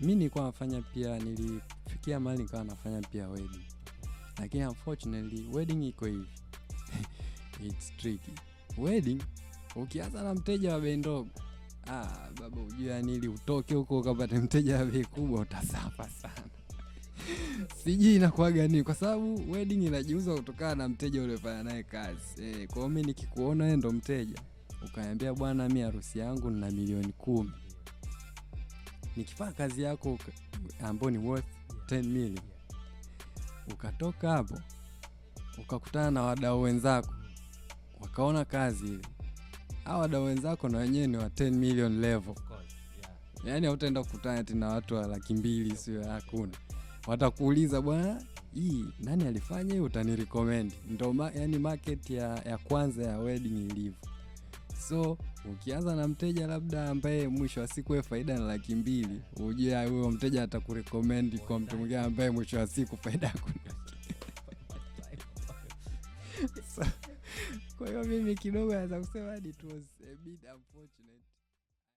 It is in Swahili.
mi nilikuwa nafanya pia, nilifikia mali nikawa nafanya pia wedding, lakini unfortunately wedding iko hivi it's tricky wedding. Ukianza na mteja wa bei ndogo, ah, baba ujue yani, utoke huko ukapate mteja wa bei kubwa utasafa sana sijui inakuwaga nini, kwa sababu wedding inajiuza kutokana na mteja uliofanya naye kazi eh. kwao mi nikikuona wewe ndo mteja ukaambia bwana, mi harusi yangu nina milioni kumi nikifanya kazi yako ambayo ni worth 10 million, ukatoka hapo ukakutana na wadau wenzako wakaona kazi ile, au wadau wenzako na wenyewe ni wa 10 million level, yaani hautaenda kukutana tena na watu wa laki mbili, sio? Hakuna, watakuuliza bwana hii nani alifanya hiyo, utanirecommend. Ndo ma, yani market ya, ya kwanza ya wedding ilivyo so Ukianza na mteja labda ambaye mwisho wa siku faida na laki mbili, ujue huyo mteja atakurekomendi kwa mtu mwingine ambaye mwisho wa siku faida kwa hiyo mimi kidogo naweza kusema it was a bit unfortunate.